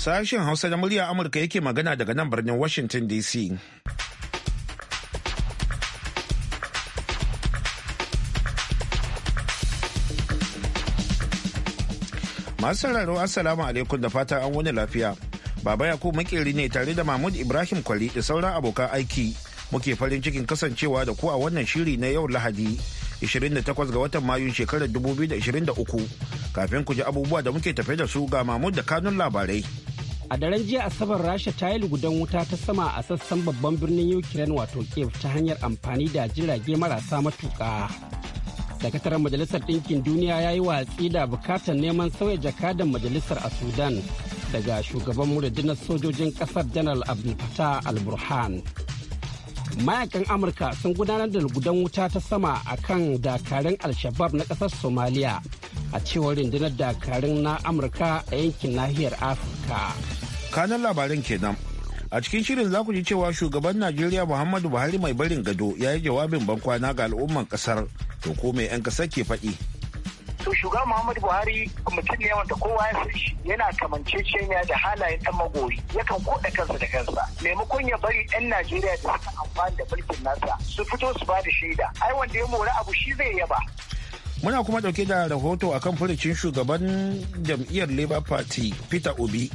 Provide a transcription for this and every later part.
Sashen Hausa na murya Amurka yake magana daga nan birnin Washington DC. Masu sauraro Assalamu alaikum da fata an wani lafiya. Baba Yakubu makeri ne tare da Mahmud Ibrahim Kwali da sauran abokan aiki. Muke farin cikin kasancewa da ku a wannan shiri na yau Lahadi 28 ga watan Mayun shekarar 2023. Kafin ku ji abubuwa da muke tafe da su ga Mahmud da kanun labarai. a daren jiya asabar rasha ta yi lugudan wuta ta sama a sassan babban birnin ukraine wato kiev ta hanyar amfani da jirage marasa matuka sakataren majalisar ɗinkin duniya ya yi watsi da bukatar neman sauya jakadan majalisar a sudan daga shugaban muridinar sojojin ƙasar janar abdulfatah al-burhan mayakan amurka sun gudanar da lugudan wuta ta sama a kan dakarun al-shabab na ƙasar somaliya a cewar rundunar dakarun na amurka a yankin nahiyar afirka kanan labaran kenan a cikin shirin za ku ji cewa shugaban najeriya muhammadu buhari mai barin gado ya yi jawabin bankwana ga al'umman kasar to ko mai 'yan kasar ke faɗi to shugaban muhammadu buhari mutum ne wanda kowa ya san shi yana kamanceceniya da halayen ɗan magori yakan koɗa kansa da kansa maimakon ya bari 'yan najeriya da suka amfani da mulkin nasa su fito su ba da shaida ai wanda ya mori abu shi zai yaba muna kuma dauke da rahoto a kan furucin shugaban jam'iyyar labour party peter obi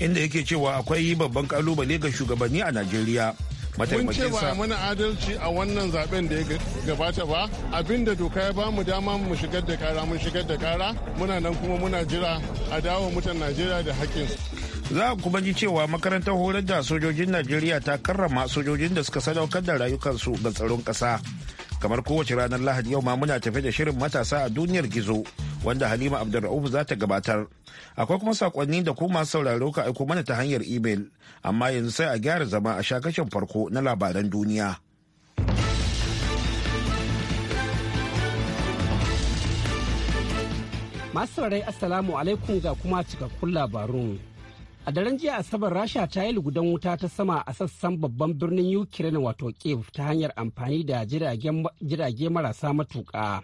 inda yake cewa akwai babban kalubale ga shugabanni a najeriya mun ce ba a mana adalci a wannan zaben da ya gabata ba abinda doka ya bamu dama mu shigar da kara mun shigar da kara muna nan kuma muna jira a dawo mutan najeriya da hakkin. za a kuma ji cewa makarantar horar da sojojin najeriya ta karrama sojojin da suka sadaukar da rayukansu ga tsaron ƙasa kamar kowace ranar lahadi yau ma muna tafe da shirin matasa a duniyar gizo wanda halima abdulra'uf za ta gabatar akwai kuma sakonni da kuma sauraro ka aiko mana ta hanyar imel amma yanzu sai a gyara zama a shakashin farko na labaran duniya masu saurari assalamu alaikum ga kuma cikakkun labarun A daren jiya Asabar Rasha ta yi lugudan wuta ta sama a sassan babban birnin Ukraine wato Kiev ta hanyar amfani da jirage marasa matuƙa.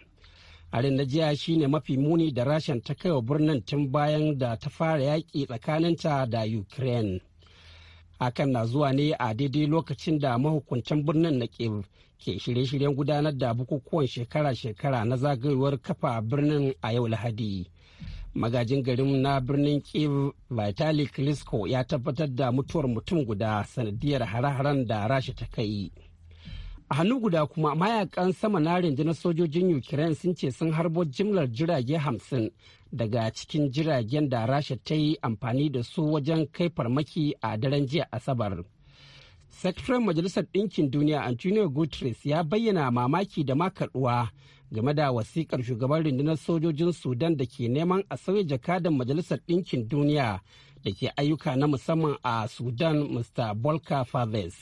arin na jiya shine mafi muni da Rashan ta kaiwa birnin tun bayan da ta fara yaƙi tsakaninta da Ukraine. Hakan na zuwa ne a daidai lokacin da mahukuntan birnin na Kiev ke shirye-shiryen gudanar da bukukuwan shekara-shekara na zagayowar kafa birnin a yau Lahadi. magajin garin na birnin kiev vitali klitschko ya tabbatar da mutuwar mutum guda sanadiyar hare-haren da rasha ta kai a hannu guda kuma mayakan sama na rundunar sojojin ukraine sun ce sun harbo jimlar jirage hamsin daga cikin jiragen da rasha ta yi amfani da su wajen kai farmaki a daren jiya asabar sakataren majalisar ɗinkin duniya antonio guterres ya bayyana mamaki da kaɗuwa. game da wasikar shugaban rundunar sojojin sudan da ke neman a sauya jakadan majalisar ɗinkin duniya da ke ayyuka na musamman a sudan mr bolka faves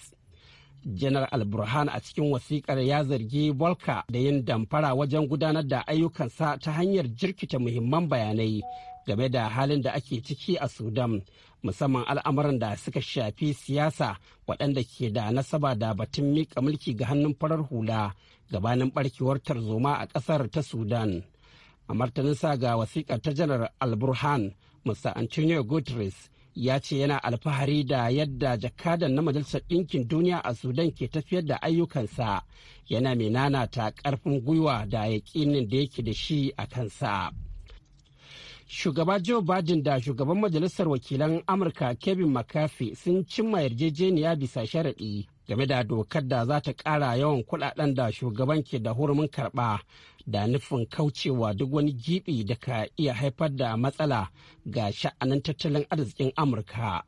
janar alburhan a cikin wasikar ya zargi bolka da yin damfara wajen gudanar da ayyukansa ta hanyar jirkita muhimman bayanai game da halin da ake ciki a sudan musamman al'amuran da suka shafi siyasa waɗanda ke da nasaba da batun miƙa mulki ga hannun farar hula gabanin barkewar tarzoma a ƙasar ta sudan a martaninsa ga wasiƙar ta janar alburhan musa antonio guterres ya ce yana alfahari da yadda jakadan na majalisar ɗinkin duniya a sudan ke tafiyar da ayyukansa yana mai nanata ƙarfin gwiwa da yaƙinin da yake da shi a kansa. shugaba joe biden da shugaban majalisar wakilan amurka kevin mccarthy sun cimma yarjejeniya bisa sharaɗi game da dokar da za ta ƙara yawan kuɗaɗen da shugaban ke da hurumin karɓa da nufin kaucewa duk wani giɓi da ka iya haifar da matsala ga sha'anin tattalin arzikin amurka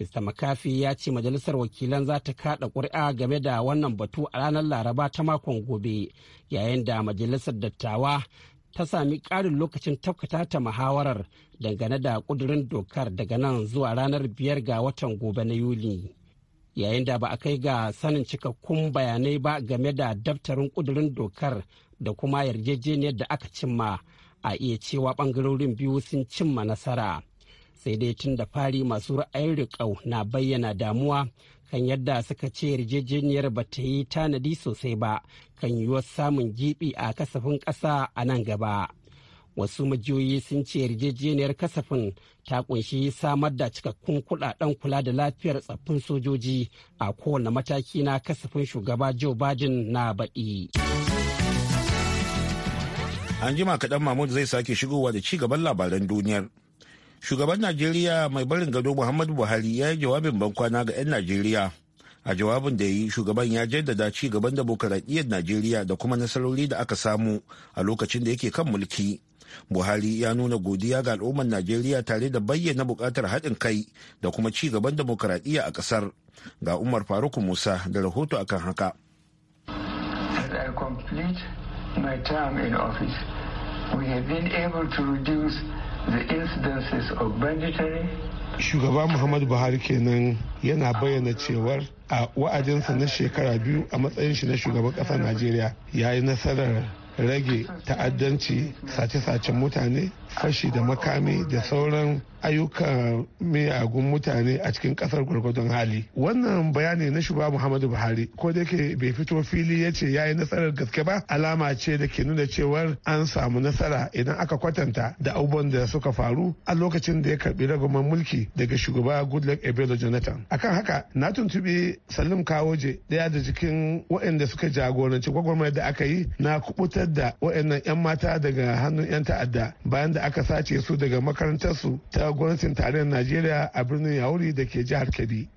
mr mccarthy ya ce majalisar wakilan za ta kaɗa ƙuri'a game da wannan batu a ranar laraba ta makon gobe yayin da majalisar dattawa ta sami ƙarin lokacin tafkata ta muhawarar dangane da ƙudurin dokar daga nan zuwa ranar biyar ga watan gobe na yuli yayin da ba a kai ga sanin cikakkun bayanai ba game da daftarin ƙudurin dokar da kuma yarjejeniyar da aka cimma a iya cewa ɓangarorin biyu sun cimma nasara sai dai tun da fari masu ra'ayin riƙau na bayyana damuwa kan yadda suka ce yarjejeniyar ba ta yi tanadi sosai ba kan yi yiwuwar samun gibi a kasafin ƙasa a nan gaba wasu majiyoyi sun ce yarjejeniyar kasafin ta kunshi samar da cikakkun kudaden kula da lafiyar tsaffin sojoji a kowane mataki na kasafin shugaba joe biden na baɗi an jima kaɗan mahmud zai sake shigowa da ci gaban labaran duniyar shugaban najeriya mai barin gado muhammadu buhari ya yi jawabin bankwana ga 'yan najeriya a jawabin da ya yi shugaban ya jaddada ci gaban demokaradiyyar najeriya da kuma nasarori da aka samu a lokacin da yake kan mulki buhari ya nuna godiya ga al'ummar najeriya tare da bayyana buƙatar haɗin kai da kuma ci gaban demokaradiyya a ƙasar ga umar faruk musa da rahoto akan haka I complete my term in office, we have been able to reduce the incidences of shugaba muhammadu buhari kenan yana bayyana cewar a wa'adinsa na shekara biyu a matsayin shi na shugaban ƙasar najeriya ya yi nasarar rage ta'addanci sace-sacen mutane fashi da makami da sauran ayyukan miyagun mutane a cikin kasar gwargwadon hali wannan bayani na shugaba muhammadu buhari ko da ke bai fito fili ya ce ya yi nasarar gaske ba alama ce da ke nuna cewar an samu nasara idan aka kwatanta da abubuwan da suka faru a lokacin da ya karbi ragaman mulki daga shugaba goodluck ebelo jonathan akan haka na tuntubi salim kawoje daya da jikin waɗanda suka jagoranci gwagwarmayar da aka yi na kubutar fitar da waɗannan 'yan mata daga hannun 'yan ta'adda bayan da aka sace su daga makarantar su ta gwamnatin tarayyar najeriya a birnin yauri da ke jihar kebbi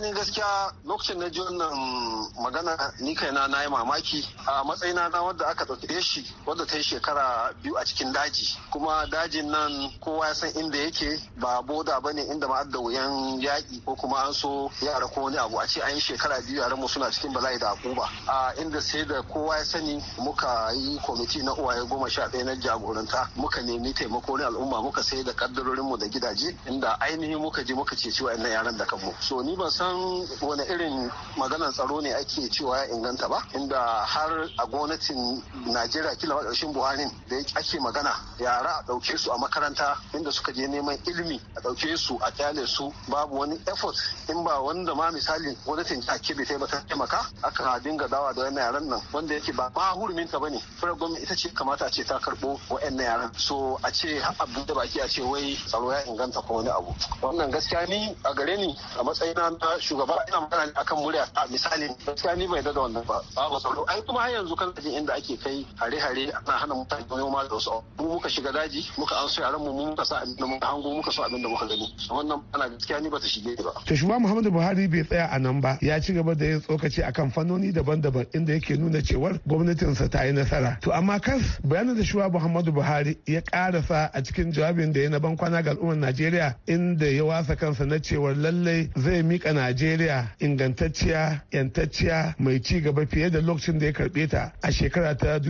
ne gaskiya lokacin na ji wannan magana ni kaina na yi mamaki a matsayina na wanda aka ɗauke shi wanda ta yi shekara biyu a cikin daji kuma dajin nan kowa ya san inda yake ba boda ba ne inda ma da wuyan yaƙi ko kuma an so yara ko wani abu a ce an yi shekara biyu yaran mu suna cikin bala'i da akuba a inda sai da kowa ya sani muka yi kwamiti na uwaye goma sha ɗaya na jagoranta muka nemi taimako na al'umma muka sai da kaddarorinmu da gidaje inda ainihin muka je muka ceci wa'annan yaran da kanmu so ni ban san wani irin maganar tsaro ne ake cewa ya inganta ba inda har a gwamnatin najeriya kila ƙarshen buharin da ake magana yara a ɗauke su a makaranta inda suka je neman ilimi a ɗauke su a kyale su babu wani effort in ba wanda ma misali gwamnatin ta kebe ta taimaka aka dinga dawa da wani yaran nan wanda yake ba ma hurumin ta ne federal gwamnati ita ce kamata a ce ta karɓo wa'annan yaran so a ce abu da baki a ce wai tsaro ya inganta ko wani abu wannan gaskiya ni a gare ni a matsayina na shugaba ina magana akan murya a misali gaskiya ni bai da wannan ba babu tsaro ai kuma har yanzu kan jin inda ake kai hare-hare ana hana mutane ma da wasu muka shiga daji muka an so yaran mu muka sa abin da muka hango muka so abin da muka gani wannan ana gaskiya ni ba ta shige ba to shugaba Muhammadu Buhari bai tsaya a nan ba ya ci gaba da yin tsokaci akan fannoni daban-daban inda yake nuna cewar gwamnatinsa ta yi nasara to amma kas bayanin da shuwa muhammadu buhari ya karasa a cikin jawabin da ya na bankwana ga al'ummar najeriya inda ya wasa kansa na cewar lallai zai mika najeriya ingantacciya yantacciya mai ci gaba fiye da lokacin da ya karbe ta a shekara ta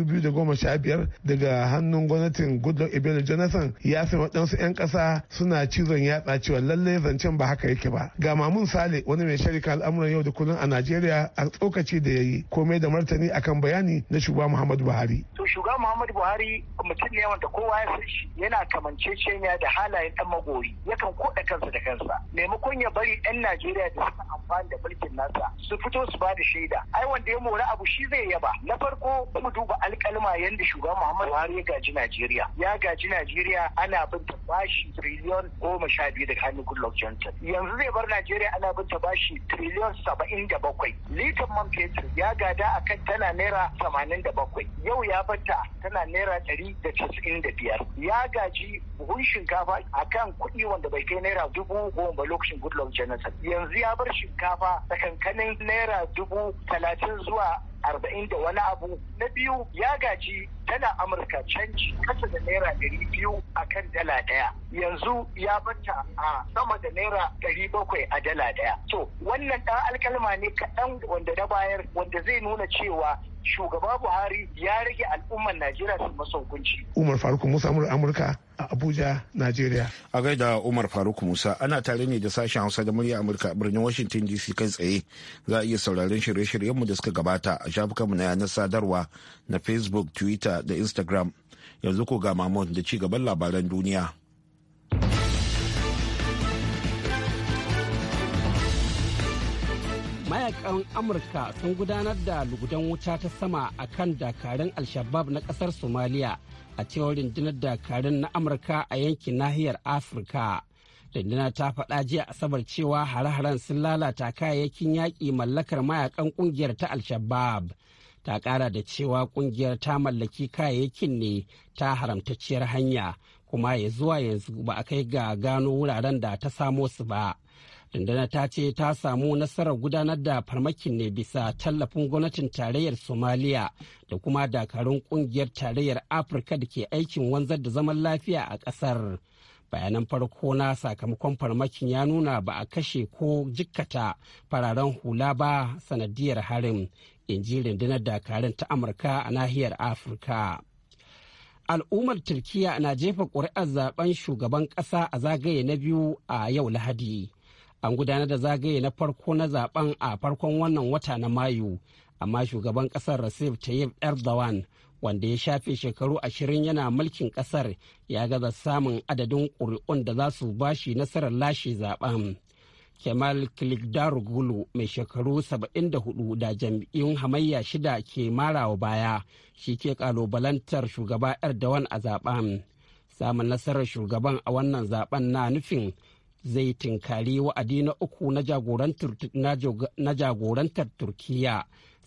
sha biyar daga hannun gwamnatin goodluck ebele jonathan ya sai waɗansu 'yan ƙasa suna cizon yatsa cewa lallai zancen ba haka yake ba ga mamun sale wani mai sharika al'amuran yau da kullum a najeriya a tsokaci da ya yi komai da martani akan bayani na shugaba muhammadu buhari Buhari. To shugaban Muhammadu Buhari mutum ne wanda kowa ya san shi yana kamanceceniya da halayen ɗan magori yakan koɗa kansa da kansa maimakon ya bari 'yan Najeriya da suka amfani da mulkin nasa su fito su ba da shaida ai wanda ya mora abu shi zai yaba na farko mu duba alƙalma yanda shugaban Muhammadu Buhari ya gaji Najeriya ya gaji Najeriya ana bin ta bashi triliyon goma sha biyu daga hannun Goodluck Johnson yanzu zai bar Najeriya ana bin ta bashi triliyon saba'in da bakwai litan man fetur ya gada a akan tana naira tamanin da bakwai yau yau ya banta tana naira ɗari da casa'in da biyar ya gaji buhun shinkafa a kan kuɗi wanda bai kai naira dubu goma ba lokacin goodluck jonathan yanzu ya bar shinkafa tsakankanin naira dubu talatin zuwa arba'in da wani abu na biyu ya gaji tana amurka canji kasa da naira ɗari biyu a kan dala ɗaya yanzu ya bata a sama da naira ɗari bakwai a dala ɗaya to wannan ɗan alkalma ne kaɗan wanda na bayar wanda zai nuna cewa shugaba buhari ya rage al'ummar najeriya su masaukunci umar faruk musa amurka a Abuja, Najeriya. A gaida Umar Faruk Musa ana tare ne da sashen Hausa da murya Amurka birnin Washington DC kai tsaye. Za a iya sauraron shirye-shiryenmu da suka gabata a shafukanmu na yanar sadarwa na Facebook, Twitter da Instagram. Yanzu ko ga Mamon da ci gaban labaran duniya. mayakan amurka sun gudanar da lugudan wuta ta sama a kan dakarun alshabab na kasar somaliya a cewar rundunar dakarun na amurka a yankin nahiyar afirka rundunar ta faɗa jiya asabar cewa hare-haren sun lalata kayayyakin yaƙi mallakar mayakan ƙungiyar ta Alshabab ta ƙara da cewa ƙungiyar ta mallaki kayayyakin ne ta haramtacciyar hanya kuma ya zuwa yanzu ba a kai ga gano wuraren da ta samo su ba rundunar ta ce ta samu nasarar gudanar da farmakin ne bisa tallafin gwamnatin tarayyar somaliya da kuma dakarun kungiyar tarayyar afirka da ke aikin wanzar da zaman lafiya a ƙasar bayanan farko na sakamakon farmakin ya nuna ba a kashe ko jikkata fararen hula ba sanadiyar harin in ji rundunar dakarun ta amurka a nahiyar afirka al'ummar turkiya na jefa ƙuri'ar zaben shugaban ƙasa a zagaye na biyu a yau lahadi an gudanar da zagaye na farko na zaben a farkon wannan wata na mayu amma shugaban kasar recep tayyip erdogan wanda ya shafe shekaru ashirin yana mulkin kasar ya gaza samun adadin ƙuri'un da za su bashi nasarar lashe zaben kemal kilikdarugulu mai shekaru 74 da jam'iyyun hamayya shida ke marawa baya shi ke kalobalantar shugaba erdogan a zaben samun nasarar shugaban a wannan zaben na nufin zai tinkari wa'adi na uku na jagorantar turkiya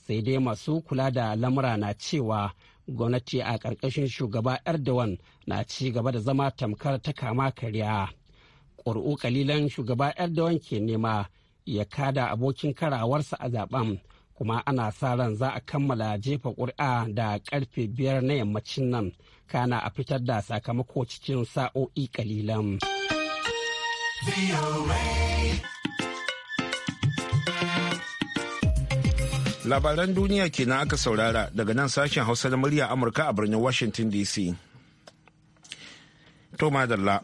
sai dai masu kula da lamura na cewa gwamnati a ƙarƙashin shugaba erdogan na ci gaba da zama tamkar ta kama karya ƙuri'u kalilan shugaba erdogan ke nema ya kada abokin karawarsa a zaben kuma ana sa ran za a kammala jefa ƙuri'a da ƙarfe biyar na yammacin nan kana a fitar da sakamako cikin sa'o'i kalilan. Labaran duniya kenan aka saurara daga nan sashen Hausa na murya Amurka a birnin Washington DC. To madalla.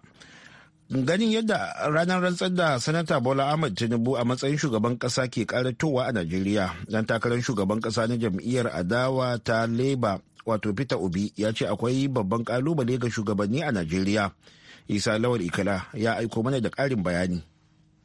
Ganin yadda ranar rantsar da Sanata Bola Ahmed Tinubu a matsayin shugaban kasa ke karatowa a Najeriya, dan takarar shugaban kasa na jam'iyyar adawa ta Labour wato Peter Obi ya ce akwai babban kalubale ga shugabanni a Najeriya. isa lawal ikala ya aiko mana da ƙarin bayani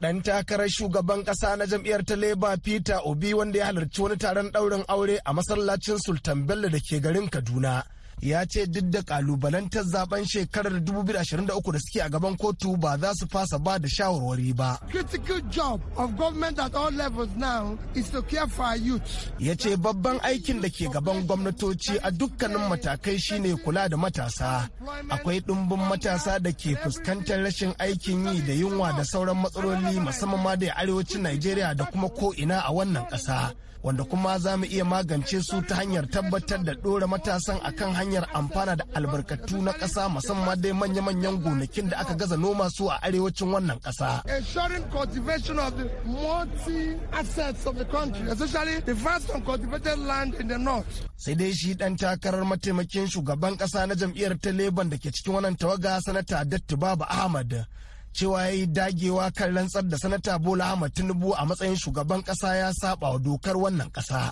ɗan takarar shugaban ƙasa na jam'iyyar ta leba peter obi wanda ya halarci wani taron ɗaurin aure a masallacin sultan bello da ke garin kaduna ya ce duk da kalubalantar zaben shekarar 2023 da suke a gaban kotu ba za su fasa ba da shawarwari ba. Critical job of government at all levels now is to care for our youth. Ya ce babban aikin da ke gaban gwamnatoci a dukkanin matakai shine kula da matasa. Akwai ɗumbin matasa da ke fuskantar rashin aikin yi da yunwa da sauran matsaloli musamman ma da arewacin Najeriya da kuma ko ina a wannan ƙasa. wanda kuma za mu iya magance su ta hanyar tabbatar da ɗora matasan a kan hanyar amfana da albarkatu na ƙasa musamman dai manya-manyan gonakin da aka gaza noma su a arewacin wannan ƙasa. Ensuring cultivation of the multi-assets of the country, especially the vast uncultivated land in the north. Sai dai shi dan takarar mataimakin shugaban ƙasa na jam'iyyar ta Leban da ke cikin wannan tawaga sanata Datti Baba Ahmad cewa ya yi dagewa kan rantsar da sanata bola ahmad tinubu a matsayin shugaban kasa ya saba wa dokar wannan kasa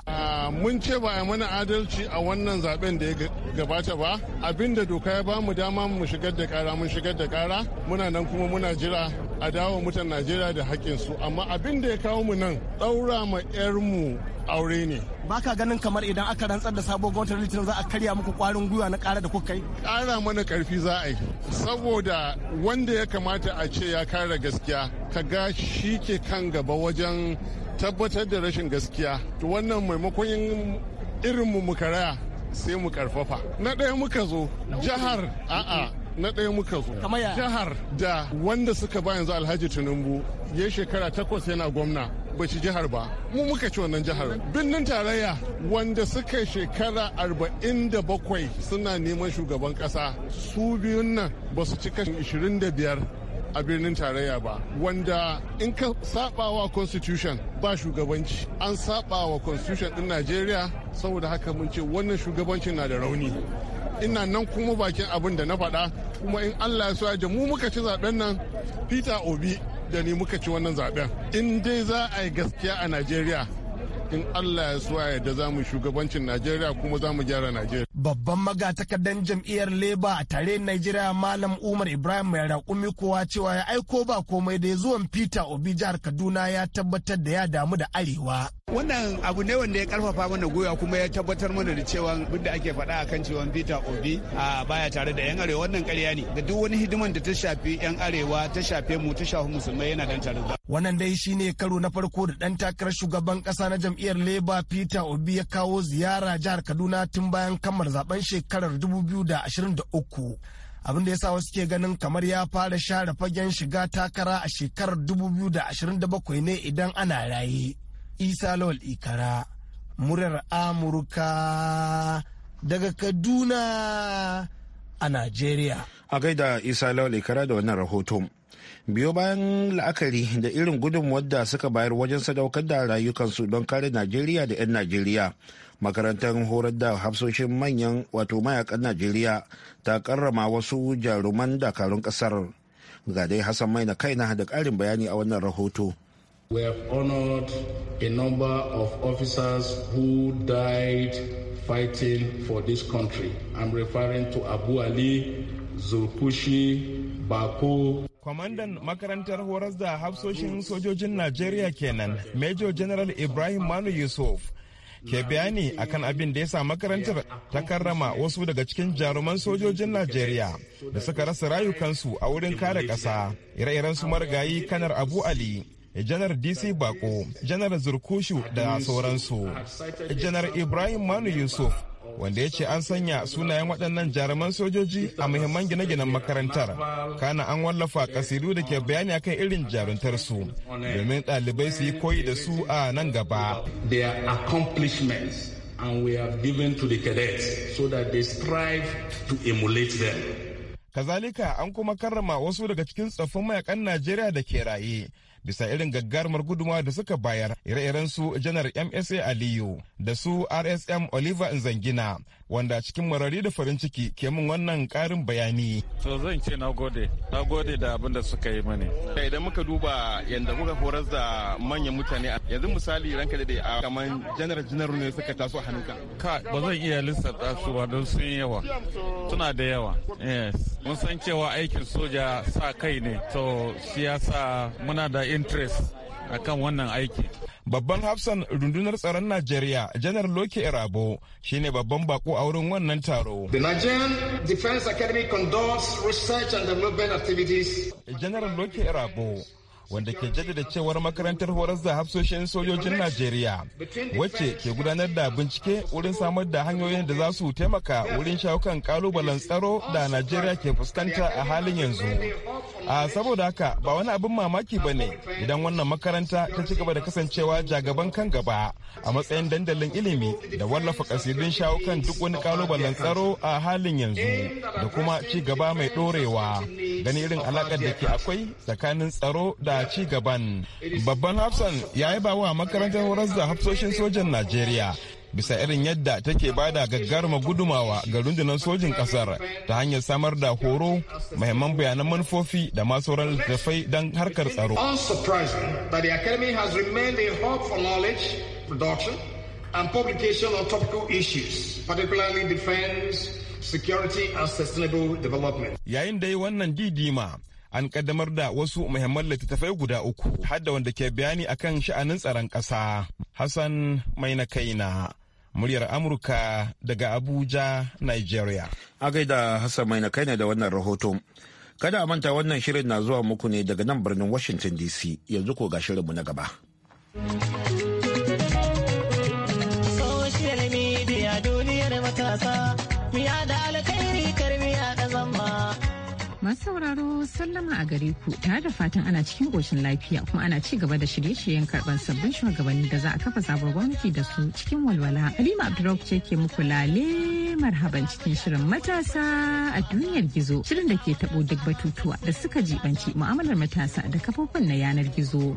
mun ce ba a mana adalci a wannan zaben da ya gabata ba abinda doka ya bamu dama mu shigar da kara mun shigar da kara muna nan kuma muna jira a dawo mutan najeriya da haƙƙinsu amma abin da ya kawo mu nan ɗaura ma 'yarmu aure ne ba ka ganin kamar idan aka rantsar da sabon gwamnatin litinin za a karya muku kwarin gwiwa na kara da kuka yi ƙara mana karfi za a yi saboda wanda ya kamata a ce ya kara gaskiya ka ga shi ke kan gaba wajen tabbatar da rashin gaskiya to wannan maimakon irinmu mu karaya sai mu karfafa na ɗaya muka zo jihar a'a na ɗaya muka zo jihar da wanda suka ba yanzu alhaji tinubu ya shekara takwas yana gwamna ba jihar ba mu muka ci wannan jihar birnin tarayya wanda suka shekara 47 suna neman shugaban kasa su biyun nan ba su ci kashi 25 a birnin tarayya ba wanda in ka saba wa constitution ba shugabanci an saba wa constitution din najeriya saboda haka mun ce wannan shugabancin na da rauni ina nan kuma bakin abin da na faɗa kuma in allah ya so ya mu muka ci zaben nan peter obi da ni muka ci wannan zaɓen. in dai za a yi gaskiya a najeriya in Allah ya suwa yadda za mu shugabancin Najeriya kuma za mu gyara Najeriya. Babban magatakardan jam'iyyar Labour a tare Najeriya Malam Umar Ibrahim mai raƙumi kowa cewa ya aiko ba komai da zuwan Peter Obi jihar Kaduna ya tabbatar da ya damu da Arewa. Wannan abu ne wanda ya karfafa mana gwiwa kuma ya tabbatar mana da cewa duk da ake faɗa akan cewa Peter Obi a baya tare da 'yan Arewa wannan ƙarya ne da duk wani hidiman da ta shafi 'yan Arewa ta shafe mu ta shafi musulmai yana dan tare da wannan dai shine karo na farko da dan takarar shugaban kasa na jam'iyyar labour peter obi ya kawo ziyara jihar kaduna tun bayan kamar zaben shekarar 2023 abin da ya sa wasu ke ganin kamar ya fara share fagen shiga takara a shekarar 2027 ne idan ana raye isa lawal ikara murar amurka daga kaduna a nigeria a gaida isa lawal ikara da wannan rahoton biyo bayan la'akari da irin gudun wadda suka bayar wajen sadaukar da rayukansu don kare najeriya da 'yan najeriya makarantar horar da hafsoshin manyan wato mayakan najeriya ta karrama wasu jaruman dakarun kasar ga dai hassan mai na kaina da karin bayani a wannan rahoto We have honored a number of officers who died fighting for this country. I'm referring to Abu Ali, Zulkushi, bako kwamandan makarantar horas da hafsoshin sojojin najeriya kenan major general ibrahim manu yusuf ke bayani akan abin da ya sa makarantar ta karrama wasu daga cikin jaruman sojojin najeriya da suka rasa rayukansu a wurin kare ƙasa ire-iren su marigayi kanar abu ali janar dc bako janar zurkushu da sauransu janar ibrahim manu yusuf wanda ya ce an sanya sunayen waɗannan jaruman sojoji a muhimman gine-ginen makarantar kana an wallafa kasidu da ke bayani akan irin jaruntar su domin ɗalibai su yi koyi da su a nan gaba and we given to the cadets so strive to emulate them. Kazalika an kuma karrama wasu daga cikin tsoffin mayakan Najeriya da ke raye bisa irin gaggarmar guduma da suka bayar ire-iren su janar msa aliyu da su rsm oliver nzangina wanda cikin marari da farin ciki ke min wannan karin bayani so zan ce na gode na gode da abin da suka yi mani eh, idan muka duba yadda kuka horar da manyan mutane yanzu misali ranka da a kamar janar janar ne suka taso a hannunka ka ba zan iya lissafta su ba don sun yawa suna da yawa yes mun san cewa aikin soja sa kai ne to siyasa muna da interest kan wannan aiki babban hafsan rundunar tsaron najeriya janar loke irabo shine babban bako a wurin wannan taro the nigerian defense academy conducts research and development activities janar loke irabo wanda ke jaddada cewar makarantar horar da hafsoshin sojojin najeriya wacce ke gudanar da bincike wurin samar da hanyoyin da za su taimaka wurin shawo kalubalen tsaro da najeriya ke fuskanta a halin yanzu a saboda haka ba wani abin mamaki ba ne idan wannan makaranta ta ci gaba da kasancewa jagaban kan gaba a matsayin dandalin ilimi da wallafa kasidun shawo duk wani kalubalen tsaro a halin yanzu da kuma ci gaba mai dorewa gani irin alakar da ke akwai tsakanin tsaro da ci gaban babban hafsan ya yi bawa makarantar horas da hafsoshin sojan najeriya bisa irin yadda take ba da gaggarma gudumawa ga rundunar sojin kasar ta hanyar samar da horo mahimman bayanan manufofi da masu sauran littattafai don harkar tsaro. and publication on topical issues, particularly defense, and sustainable development. Yayin da yi wannan didima, an kaddamar da wasu muhimman littattafai guda uku har wanda ke bayani akan sha'anin tsaron ƙasa. Hassan kai Kaina, muryar Amurka daga Abuja, Nigeria. A gaida Hassan kai na da wannan rahoton. Kada a manta wannan shirin na zuwa muku ne daga nan birnin Washington DC yanzu ko ga shirinmu na gaba. sauraro sallama a gare ku tare da fatan ana cikin ƙoshin lafiya kuma ana ci gaba da shirye-shiryen karban sabbin shugabanni da za a kafa sabon gwamnati da su cikin walwala. Halima Abdurrahman ce ke muku lale marhaban cikin shirin matasa a duniyar gizo shirin da ke taɓo duk batutuwa da suka jibanci mu'amalar matasa da kafofin na yanar gizo.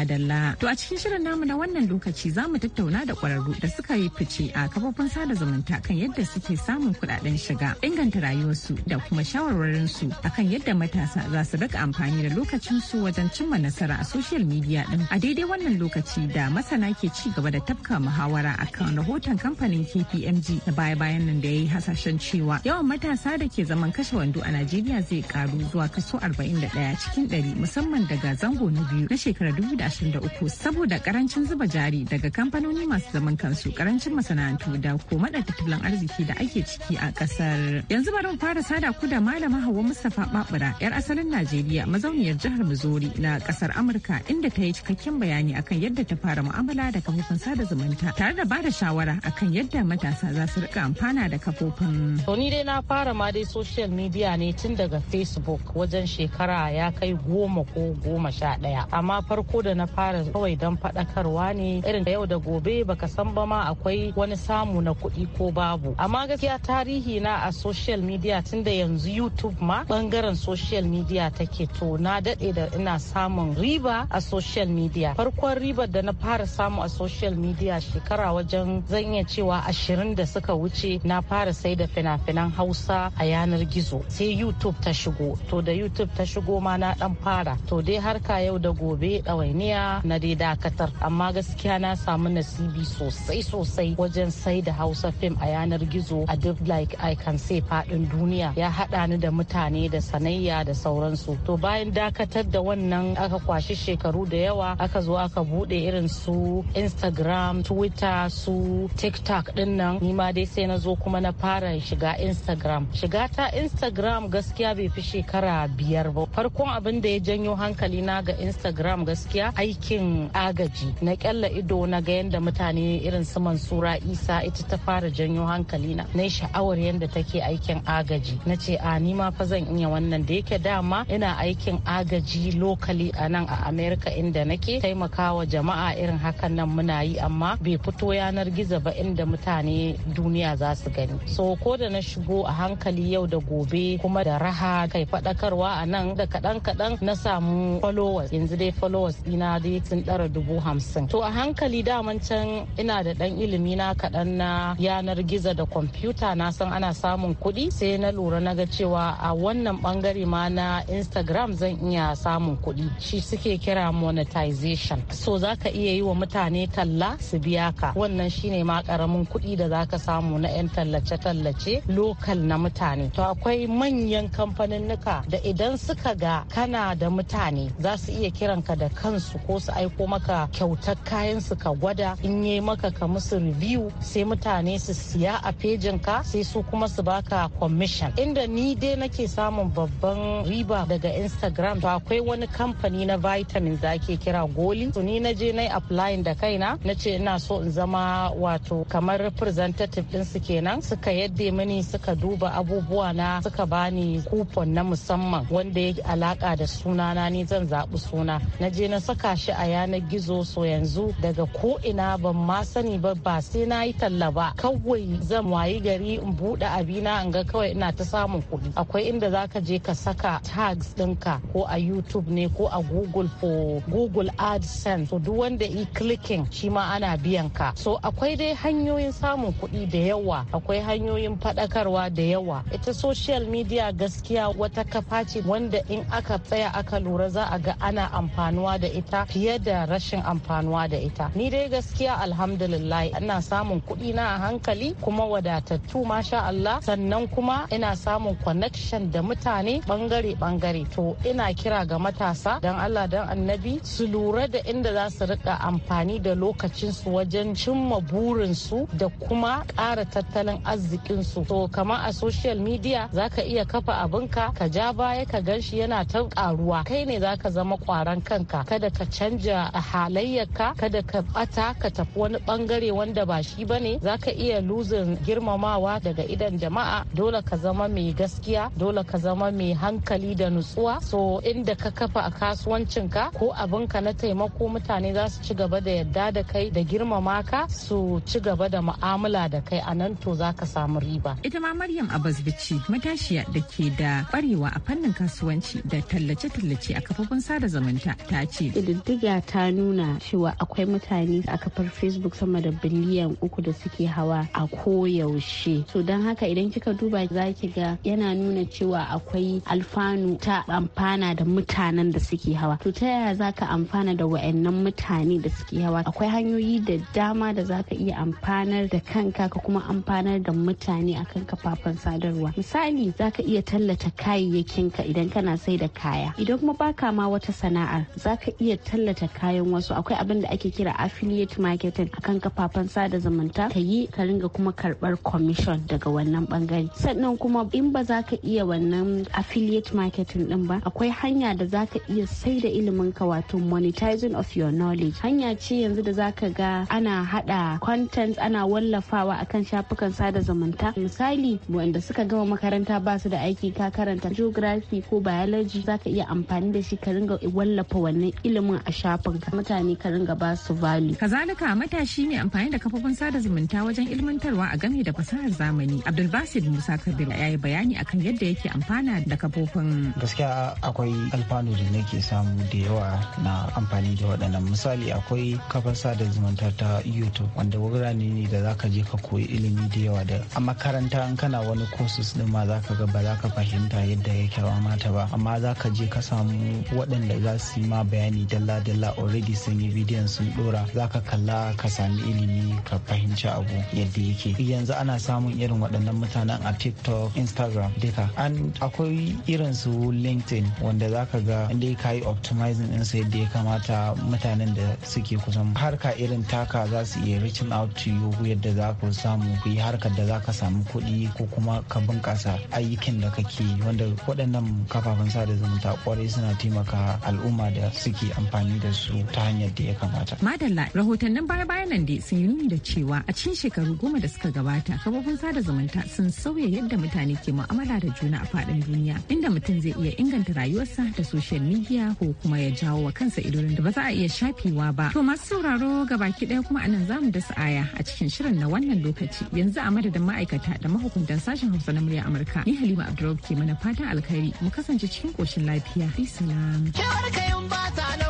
madalla. To a cikin shirin namu na wannan lokaci za mu tattauna da kwararru da suka yi fice a kafofin sada zumunta kan yadda suke samun kuɗaɗen shiga, inganta rayuwarsu da kuma shawarwarinsu akan yadda matasa za su rika amfani da lokacinsu wajen cimma nasara a social media din. A daidai wannan lokaci da masana ke ci gaba da tafka muhawara akan rahoton kamfanin KPMG na baya-bayan nan da ya yi hasashen cewa yawan matasa da ke zaman kashe wando a Najeriya zai karu zuwa kaso 41 cikin 100 musamman daga zango na biyu na shekarar 2023 saboda karancin zuba jari daga kamfanoni masu zaman kansu karancin masana'antu da da tattalin arziki da ake ciki a kasar. Yanzu bari mu fara sada ku da malama hawa Mustapha Babura yar asalin Najeriya mazauniyar jihar Missouri na kasar Amurka inda ta yi cikakken bayani akan yadda ta fara mu'amala da kafofin sada zumunta tare da bada shawara akan yadda matasa za su rika amfana da kafofin. ni dai na fara ma dai social media ne tun daga Facebook wajen shekara ya kai goma ko goma sha daya amma farko da na fara kawai don faɗakarwa ne irin da yau da gobe baka san ba ma akwai wani samu na kuɗi ko babu amma gaskiya tarihi na a social media tunda yanzu youtube ma bangaren social media take to na daɗe da ina samun riba a social media farkon ribar da na fara samu a social media shekara wajen zan iya cewa ashirin da suka wuce na fara sai da fina-finan hausa a yanar gizo sai youtube ta shigo to da youtube ta shigo ma na ɗan fara to dai harka yau da gobe ɗawainiya duniya na dai dakatar amma gaskiya na samu nasibi sosai sosai wajen sai da hausa fim a yanar gizo a duk like i can say fadin duniya ya haɗa ni da mutane da sanayya da sauransu to bayan dakatar da wannan aka kwashi shekaru da yawa aka zo aka bude irin su instagram twitter su tiktok din nan nima dai sai na zo kuma na fara shiga instagram shiga ta instagram gaskiya bai fi shekara biyar ba farkon abin da ya janyo hankali na ga instagram gaskiya aikin agaji na kyalla ido na ga yadda mutane irin su mansura isa ita ta fara janyo hankali na na sha'awar yadda take aikin agaji na ce a ni ma fa zan iya wannan da yake dama ina aikin agaji lokali a nan a america inda nake taimakawa jama'a irin hakan nan muna yi amma bai fito yanar gizo ba inda mutane duniya za su gani so ko da na shigo a hankali yau da gobe kuma da raha kai faɗakarwa a nan da kaɗan kaɗan na samu followers yanzu dai followers ɗina na dai sun ɗara dubu hamsin to a hankali daman can ina da ɗan ilimi na kaɗan na yanar gizo da kwamfuta na san ana samun kuɗi sai na lura na ga cewa a wannan ɓangare ma na instagram zan iya samun kuɗi shi suke kira monetization so za ka iya yi wa mutane talla su biya ka wannan shine ma karamin kuɗi da za ka samu na 'yan tallace-tallace lokal na mutane to akwai manyan kamfaninnika da idan suka ga kana da mutane za su iya kiranka da kansu su ko su aiko maka kyautar kayan su ka gwada in yi maka ka musu review sai mutane su siya a pejin ka sai su kuma su baka commission inda ni dai nake samun babban riba daga instagram to akwai wani kamfani na vitamin da ake kira goli to ni na je na applying da kaina na ce ina so in zama wato kamar representative din su kenan suka yadda mini suka duba abubuwa na suka bani coupon na musamman wanda ya alaka da sunana ni zan zaɓi suna na je na saka saka shi a yanar gizo so yanzu daga ko ina ban ma sani ba ba sai na yi talla ba kawai zan wayi gari in buɗe abina in ga kawai ina ta samun kuɗi akwai inda zaka je ka saka tags ɗinka ko a youtube ne ko a google for google adsense to duk wanda i clicking shi ma ana biyan ka so akwai dai hanyoyin samun kuɗi da yawa akwai hanyoyin faɗakarwa da yawa ita social media gaskiya wata kafa ce wanda in aka tsaya aka lura za a ga ana amfanuwa da ita ta fiye da rashin amfanuwa da ita ni dai gaskiya alhamdulillah ina samun kuɗi na a hankali kuma wadatattu masha Allah sannan kuma ina samun connection da mutane bangare bangare to ina kira ga matasa dan Allah dan annabi su lura da inda za su rika amfani da lokacin su wajen cimma burin su da kuma ƙara tattalin arzikinsu to kamar a social media zaka iya kafa abinka ka ja baya ka gan shi yana ta ƙaruwa kai ne zaka zama ƙwaran kanka kada ka canja halayyarka kada ka bata ka tafi wani bangare wanda ba shi ba ne za ka iya luzin girmamawa daga idan jama'a dole ka zama mai gaskiya dole ka zama mai hankali da nutsuwa so inda ka kafa a kasuwancinka ko abinka na taimako mutane za su ci gaba da yadda da kai da girmama ka su ci gaba da mu'amala da kai a nan to za ka samu riba ita ma maryam abasbici matashiya da ke da kwarewa a fannin kasuwanci da tallace-tallace a kafofin sada zumunta ta ce diddiga ta nuna cewa akwai mutane a kafar facebook sama da biliyan uku da suke hawa a koyaushe so don haka idan kika duba za ki ga yana nuna cewa akwai alfanu ta amfana da mutanen da suke hawa to ta yaya za ka amfana da wa'annan mutane da suke hawa akwai hanyoyi da dama da za ka iya amfanar da kanka ka kuma amfanar da mutane akan kafafen sadarwa misali za ka iya tallata kayayyakinka idan kana sai da kaya idan kuma baka ma wata sana'ar za ka iya tallata kayan wasu akwai abin da ake kira affiliate marketing akan kafafen sada zumunta ka yi ka ringa kuma karbar commission daga wannan bangare sannan kuma in ba za ka iya wannan affiliate marketing din ba akwai hanya da za ka iya sai da ilimin ka wato monetizing of your knowledge hanya ce yanzu da za ka ga ana hada content ana wallafawa akan shafukan sada zumunta misali wanda suka gama makaranta ba su da aiki ka karanta geography ko biology za ka iya amfani da shi ka ringa wallafa wannan ilimin musamman a shafin ka mutane ka ringa ba su value kazalika matashi ne amfani da kafofin sada zumunta wajen ilmantarwa a game da fasahar zamani abdul basir musa kabir ya yi bayani akan yadda yake amfana da kafofin gaskiya akwai alfanu da nake samu da yawa na amfani da waɗannan misali akwai kafar sada zumunta ta youtube wanda wurare ne da zaka je ka koyi ilimi da yawa da a makaranta in kana wani courses din ma zaka ga ba zaka fahimta yadda yake wa mata ba amma zaka je ka samu waɗanda za su yi ma bayani da dalla dalla already sun yi bidiyon sun dora zaka kalla ka sami ilimi ka fahimci abu yadda yake yanzu ana samun irin waɗannan mutanen a tiktok instagram duka an akwai irin su linkedin wanda zaka ga inda ka yi optimizing ɗinsu yadda ya kamata mutanen da suke kusan harka irin taka za su iya reaching out to you yadda za ku samu ku yi harkar da za ka samu kuɗi ko kuma ka bunƙasa ayyukan da kake wanda waɗannan kafafen sada zumunta kwarai suna taimaka al'umma da suke amfani da su ta hanyar da ya kamata. Madalla rahotannin baya-bayan nan dai sun yi nuni da cewa a cikin shekaru goma da suka gabata kafofin sada zumunta sun sauya yadda mutane ke mu'amala da juna a faɗin duniya inda mutum zai iya inganta rayuwarsa da social media ko kuma ya jawo wa kansa idolin da ba za a iya shafewa ba. To masu sauraro gabaki ɗaya kuma anan zamu dasa aya a cikin shirin na wannan lokaci yanzu a madadin ma'aikata da mahukuntan sashen Hausa na murya Amurka ni Halima Abdurrahman ke mana fatan alkhairi mu kasance cikin koshin lafiya. Bisalam. kayan ba ta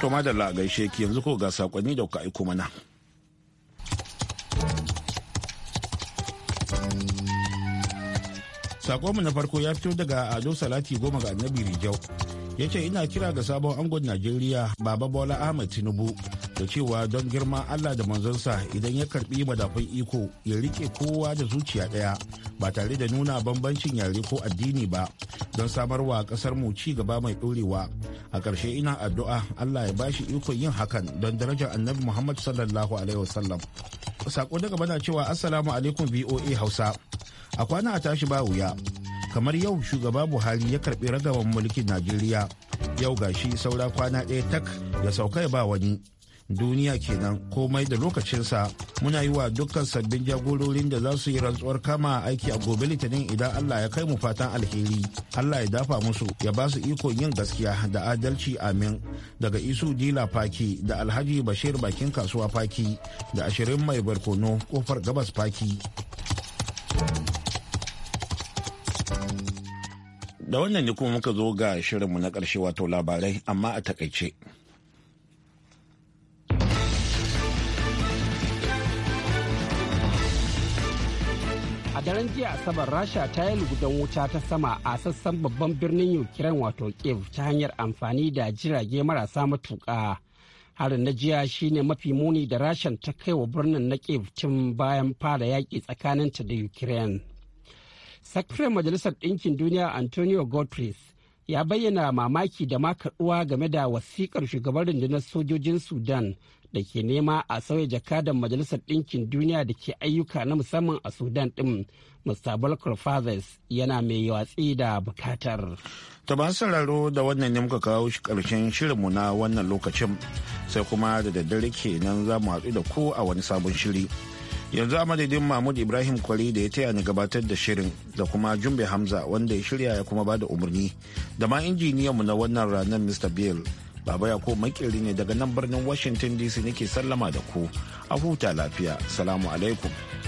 To madalla gaishe ki yanzu ko ga sakonni da kuka aiko mana. Sakonmu na farko ya fito daga Ado Salati goma ga Annabi Rijau. ya ce ina kira ga sabon angon najeriya baba bola ahmed tinubu da cewa don girma allah da manzonsa idan ya karbi madafun iko ya rike kowa da zuciya daya ba tare da nuna bambancin yare ko addini ba don samarwa kasar mu ci gaba mai dorewa a ƙarshe ina addu'a allah ya bashi ikon yin hakan don darajar annabi muhammad sallallahu alaihi wasallam sako daga bana cewa assalamu alaikum voa hausa a kwana a tashi ba wuya kamar yau shugaba buhari ya karbi ragaban mulkin najeriya yau gashi saura kwana ɗaya tak ya sauka ya ba wani duniya kenan komai da lokacinsa muna yi wa dukkan sabbin jagororin da za su yi rantsuwar kama aiki a gobe litinin idan allah ya kai mu fatan alheri allah ya dafa musu ya ba su ikon yin gaskiya da adalci amin daga isu dila faki da alhaji bashir bakin kasuwa faki da ashirin mai barkono kofar gabas faki da wannan ne kuma muka zo ga shirinmu na ƙarshe wato labarai amma a takaice. a daren jiya asabar rasha ta yi lugudan wuta ta sama a sassan babban birnin ukraine wato kiev ta hanyar amfani da jirage marasa matuƙa harin na jiya shine mafi muni da rashan ta kai wa birnin na kiev tun bayan fara yaƙi tsakaninta da ukraine sakataren majalisar ɗinkin duniya antonio guterres ya bayyana mamaki da ma game da wasikar shugaban rundunar sojojin sudan da ke nema a sauya jakadan majalisar ɗinkin duniya da ke ayyuka na musamman a sudan ɗin mr kurfazes yana mai watsi da bukatar ta ba sauraro da wannan ne muka kawo ƙarshen shirinmu na wannan lokacin sai kuma da daddare ke nan za mu hatsu da ku a wani sabon shiri. yanzu a madadin mahmud ibrahim kwari da ya taya ni gabatar da shirin da kuma jumbe hamza wanda ya shirya ya kuma bada umarni da ma injiniyanmu na wannan ranar mr bill baba ya ko makiri ne daga nan birnin washington dc nake sallama da ku a huta lafiya salamu alaikum